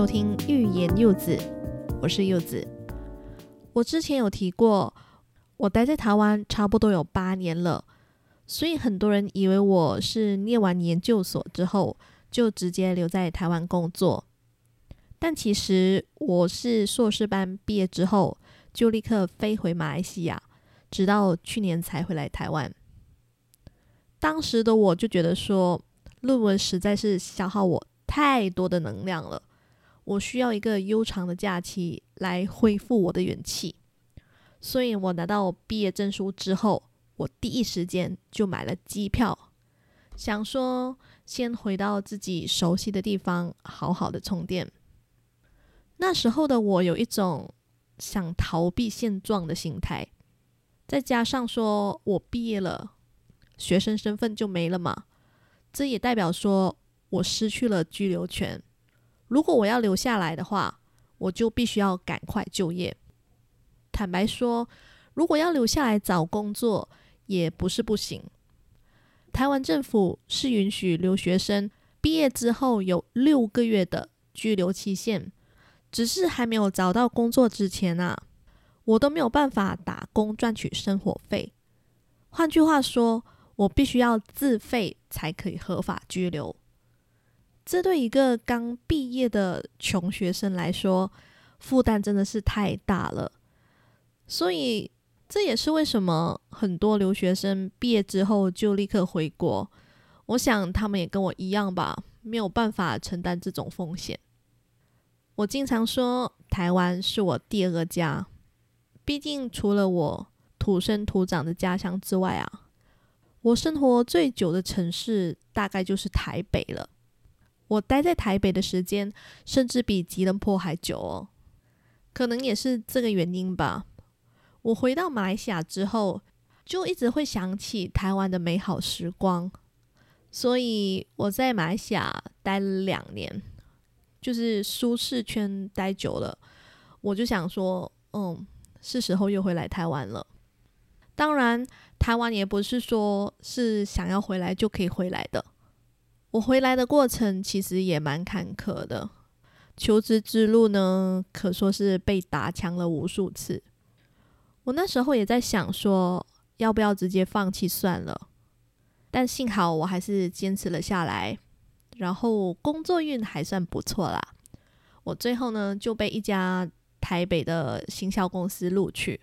收聽欲言又止，我是柚子。我之前有提過，我待在台灣差不多有八年了，所以很多人以為我是念完研究所之後就直接留在台灣工作。但其實我是碩士班畢業之後就立刻飛回馬來西亞，直到去年才回來台灣。當時的我就覺得說，論文實在是消耗我太多的能量了。我需要一個悠長的假期來恢復我的元氣，所以我拿到畢業證書之後，我第一時間就買了機票，想說先回到自己熟悉的地方，好好的充電。那時候的我有一種想逃避現狀的心態，再加上說我畢業了，學生身份就沒了嘛，這也代表說我失去了居留權。如果我要留下來的話，我就必須要趕快就業。坦白說，如果要留下來找工作也不是不行。台灣政府是允許留學生畢業之後有六個月的居留期限，只是還沒有找到工作之前啊，我都沒有辦法打工賺取生活費。換句話說，我必須要自費才可以合法居留。這對一個剛畢業的窮學生來說，負擔真的是太大了。所以這也是為什麼很多留學生畢業之後就立刻回國。我想他們也跟我一樣吧，沒有辦法承擔這種風險。我經常說，台灣是我第二個家。畢竟除了我土生土長的家鄉之外啊，我生活最久的城市大概就是台北了。我待在台北的時間甚至比吉隆坡還久哦，可能也是這個原因吧。我回到馬來西亞之後，就一直會想起台灣的美好時光，所以我在馬來西亞待了兩年，就是舒適圈待久了，我就想說，嗯，是時候又回來台灣了。當然，台灣也不是說是想要回來就可以回來的。我回來的過程其實也蠻坎坷的，求職之路呢，可說是被打槍了無數次我那時候也在想說，要不要直接放棄算了，但幸好我還是堅持了下來。然後工作運還算不錯啦，我最後呢就被一家台北的行銷公司錄取，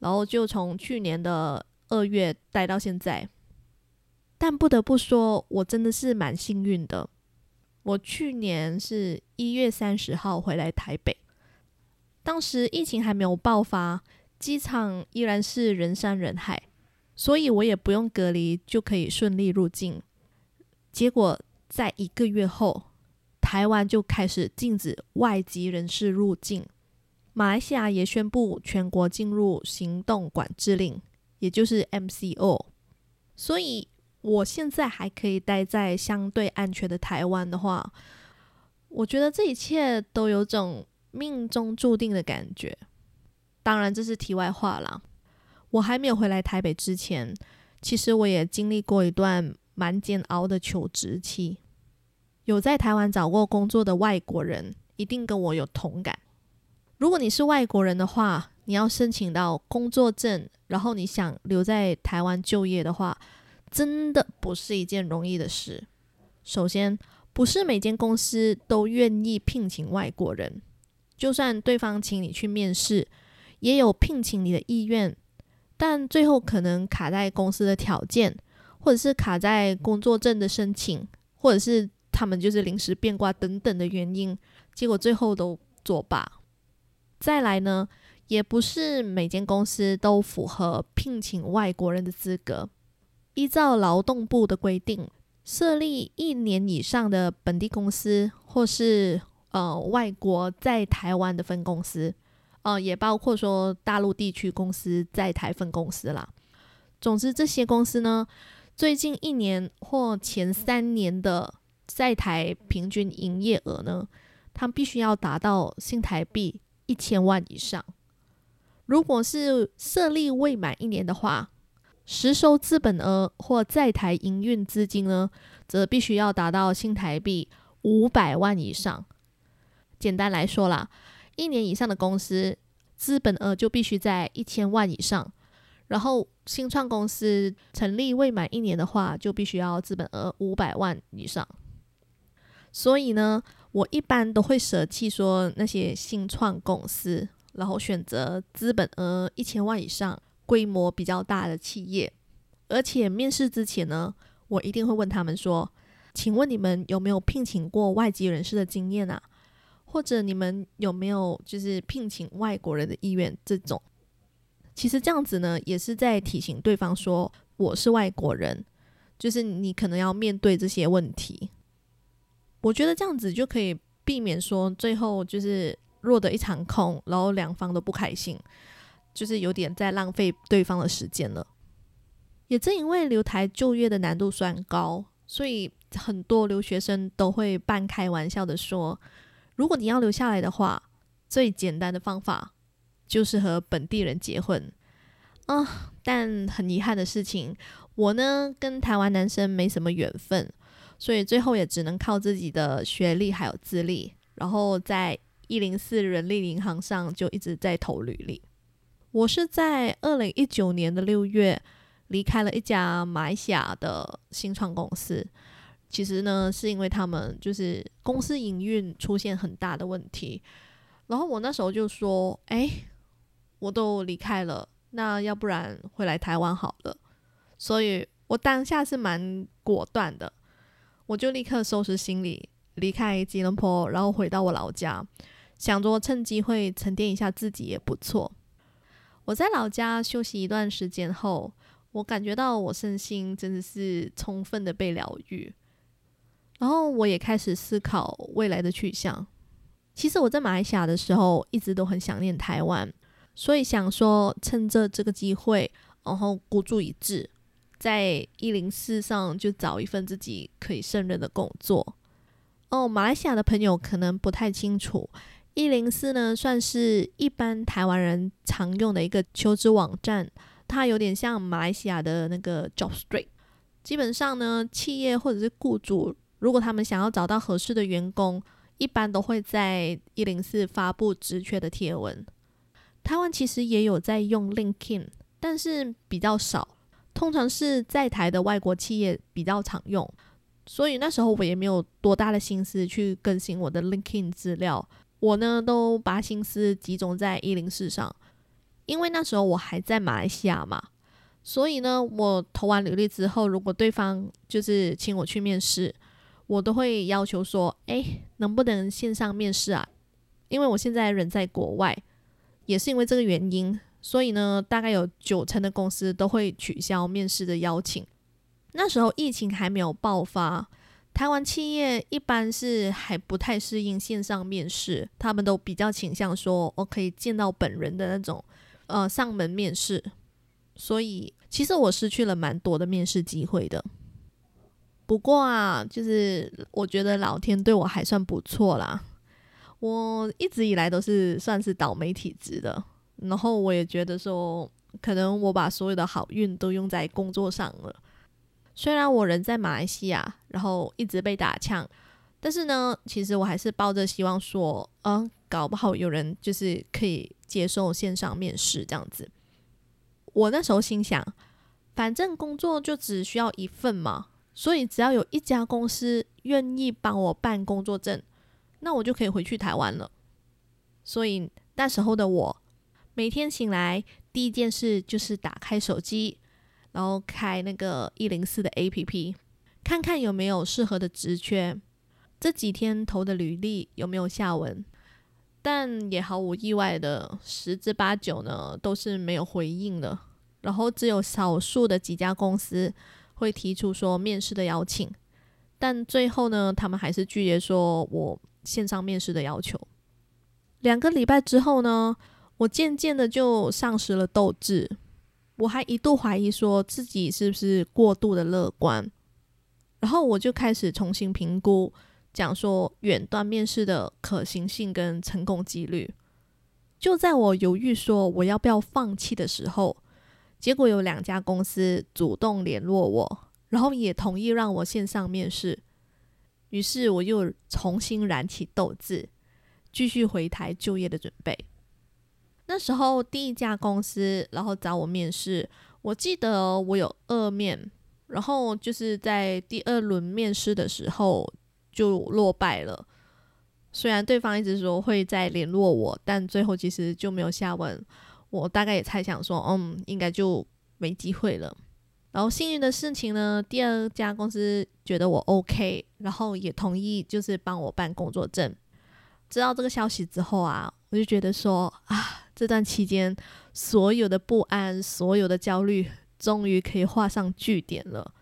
然後就從去年的二月待到現在。但不得不說，我真的是蠻幸運的。我去年是一月三十號回來台北，當時疫情還沒有爆發，機場依然是人山人海，所以我也不用隔離就可以順利入境。結果在一個月後，台灣就開始禁止外籍人士入境，馬來西亞也宣布全國進入行動管制令，也就是 MCO。所以，我現在還可以待在相對安全的台灣的話，我覺得這一切都有種命中注定的感覺。當然，這是題外話啦，我還沒有回來台北之前，其實我也經歷過一段蠻煎熬的求職期。有在台灣找過工作的外國人，一定跟我有同感。如果你是外國人的話，你要申請到工作證，然後你想留在台灣就業的話，真的不是一件容易的事。首先，不是每間公司都願意聘請外國人。就算對方請你去面試，也有聘請你的意願，但最後可能卡在公司的條件，或者是卡在工作證的申請，或者是他們就是臨時變卦等等的原因，結果最後都作罷。再來呢，也不是每間公司都符合聘請外國人的資格。依照勞動部的規定，設立一年以上的本地公司，或是呃外國在台灣的分公司，呃，也包括說大陸地區公司在台分公司啦。總之，這些公司呢，最近一年或前三年的在台平均營業額呢，它必須要達到新台幣一千萬以上。如果是設立未滿一年的話，實收資本額或在台營運資金呢，則必須要達到新台幣五百萬以上。簡單來說啦，一年以上的公司，資本額就必須在一千萬以上。然後新創公司成立未滿一年的話，就必須要資本額五百萬以上。所以呢，我一般都會捨棄說那些新創公司，然後選擇資本額一千萬以上，規模比較大的企業，而且面試之前呢，我一定會問他們說：“請問你們有沒有聘請過外籍人士的經驗啊？或者你們有沒有就是聘請外國人的意願？”這種其實這樣子呢，也是在提醒對方說：“我是外國人，就是你可能要面對這些問題。”我覺得這樣子就可以避免說最後就是落得一場空，然後兩方都不開心。就是有點在浪費對方的時間了。也正因為留台就業的難度算高，所以很多留學生都會半開玩笑的說：“如果你要留下來的話，最簡單的方法就是和本地人結婚。”啊，但很遺憾的事情，我呢跟台灣男生沒什麼緣分，所以最後也只能靠自己的學歷還有資歷，然後在一零四人力銀行上就一直在投履歷。我是在二零一九年的六月離開了一家馬來西亞的新創公司。其實呢，是因為他們就是公司營運出現很大的問題。然後我那時候就說：“哎，我都離開了，那要不然回來台灣好了。”所以，我當下是蠻果斷的，我就立刻收拾行李離開吉隆坡，然後回到我老家，想着趁機會沉澱一下自己也不錯。我在老家休息一段時間後，我感覺到我身心真的是充分的被療癒，然後我也開始思考未來的去向。其實我在馬來西亞的時候，一直都很想念台灣，所以想說趁着這個機會，然後孤注一擲，在一零四上就找一份自己可以勝任的工作。哦，馬來西亞的朋友可能不太清楚。一零四呢，算是一般台灣人常用的一個求職網站。它有點像馬來西亞的那個 Job Street。基本上呢，企業或者是僱主，如果他們想要找到合適的員工，一般都會在一零四發布職缺的貼文。台灣其實也有在用 LinkedIn，但是比較少。通常是在台的外國企業比較常用。所以那時候我也沒有多大的心思去更新我的 LinkedIn 資料。我呢，都把心思集中在一零四上，因為那時候我還在馬來西亞嘛，所以呢，我投完履歷之後，如果對方就是請我去面試，我都會要求說，誒，能不能線上面試啊？因為我現在人在國外，也是因為這個原因，所以呢，大概有九成的公司都會取消面試的邀請。那時候疫情還沒有爆發。台灣企業一般是還不太適應線上面試，他們都比較傾向說我可以見到本人的那種，呃，上門面試。所以其實我失去了蠻多的面試機會的。不過啊，就是我覺得老天對我還算不錯啦。我一直以來都是算是倒霉體質的，然後我也覺得說，可能我把所有的好運都用在工作上了。雖然我人在馬來西亞，然後一直被打槍，但是呢，其實我還是抱着希望說，嗯，搞不好有人就是可以接受線上面試這樣子。我那時候心想，反正工作就只需要一份嘛，所以只要有一家公司願意幫我辦工作證，那我就可以回去台灣了。所以那時候的我，每天醒來第一件事就是打開手機。然後開那個一零四的 APP，看看有沒有適合的職缺。這幾天投的履歷有沒有下文？但也毫無意外的，十之八九呢都是沒有回應的。然後只有少數的幾家公司會提出說面試的邀請，但最後呢，他們還是拒絕說我線上面試的要求。兩個禮拜之後呢，我漸漸的就喪失了鬥志。我還一度懷疑說自己是不是過度的樂觀，然後我就開始重新評估，講說遠端面試的可行性跟成功幾率就在我猶豫說我要不要放棄的時候，結果有兩家公司主動聯絡我，然後也同意讓我線上面試。於是我又重新燃起鬥志，繼續回台就業的準備。那時候第一家公司然後找我面試，我記得我有二面，然後就是在第二輪面試的時候就落敗了。雖然對方一直說會再聯絡我，但最後其實就沒有下文。我大概也猜想說，嗯，應該就沒機會了。然後幸運的事情呢，第二家公司覺得我 OK，然後也同意就是幫我辦工作證。知道這個消息之後啊。我就覺得說啊，這段期間所有的不安、所有的焦慮，終於可以畫上句點了。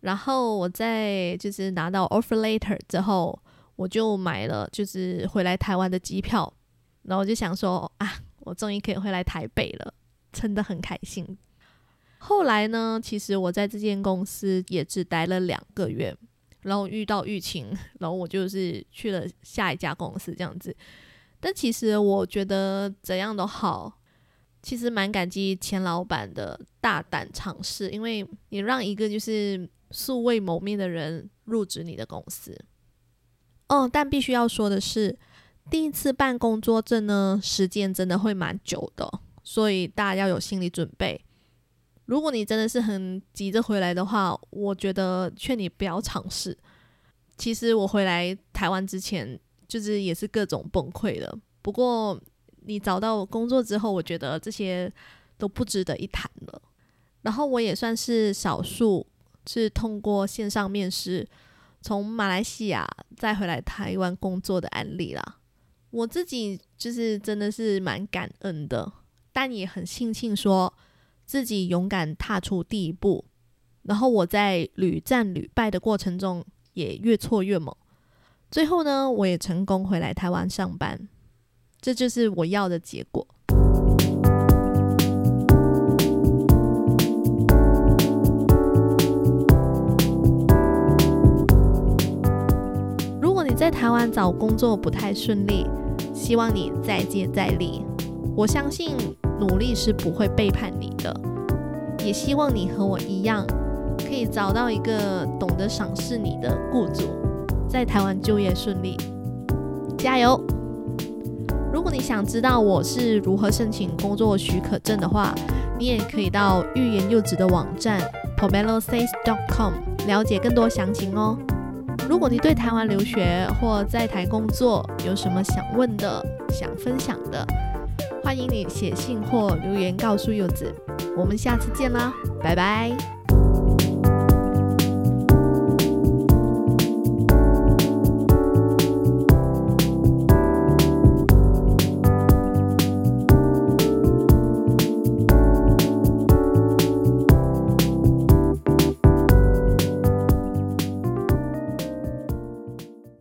然後我在就是拿到 offer letter 之後，我就買了就是回來台灣的機票。然後我就想說啊，我終於可以回來台北了，真的很開心。後來呢，其實我在這間公司也只待了兩個月，然後遇到疫情，然後我就是去了下一家公司這樣子。但其實我覺得怎樣都好，其實蠻感激錢老板的大膽嘗試，因為你讓一個就是素未謀面的人入職你的公司。哦，但必須要說的是，第一次辦工作證呢，時間真的會蠻久的，所以大家要有心理準備。如果你真的是很急着回來的話，我覺得勸你不要嘗試。其實我回來台灣之前。就是也是各種崩潰了。不過你找到工作之後，我覺得這些都不值得一談了。然後我也算是少數是通過線上面試從馬來西亞再回來台灣工作的案例啦。我自己就是真的是蠻感恩的，但也很慶幸，幸說自己勇敢踏出第一步。然後我在屢戰屢敗的過程中，也越挫越猛。最後呢，我也成功回來台灣上班，這就是我要的結果。如果你在台灣找工作不太順利，希望你再接再厲，我相信努力是不會背叛你的。也希望你和我一樣，可以找到一個懂得賞識你的雇主。在台灣就業順利，加油！如果你想知道我是如何申請工作許可證的話，你也可以到欲言又止的網站 pomelo says dot com 了解更多詳情哦。如果你對台灣留學或在台工作有什麼想問的、想分享的，歡迎你寫信或留言告訴柚子。我們下次見啦，拜拜！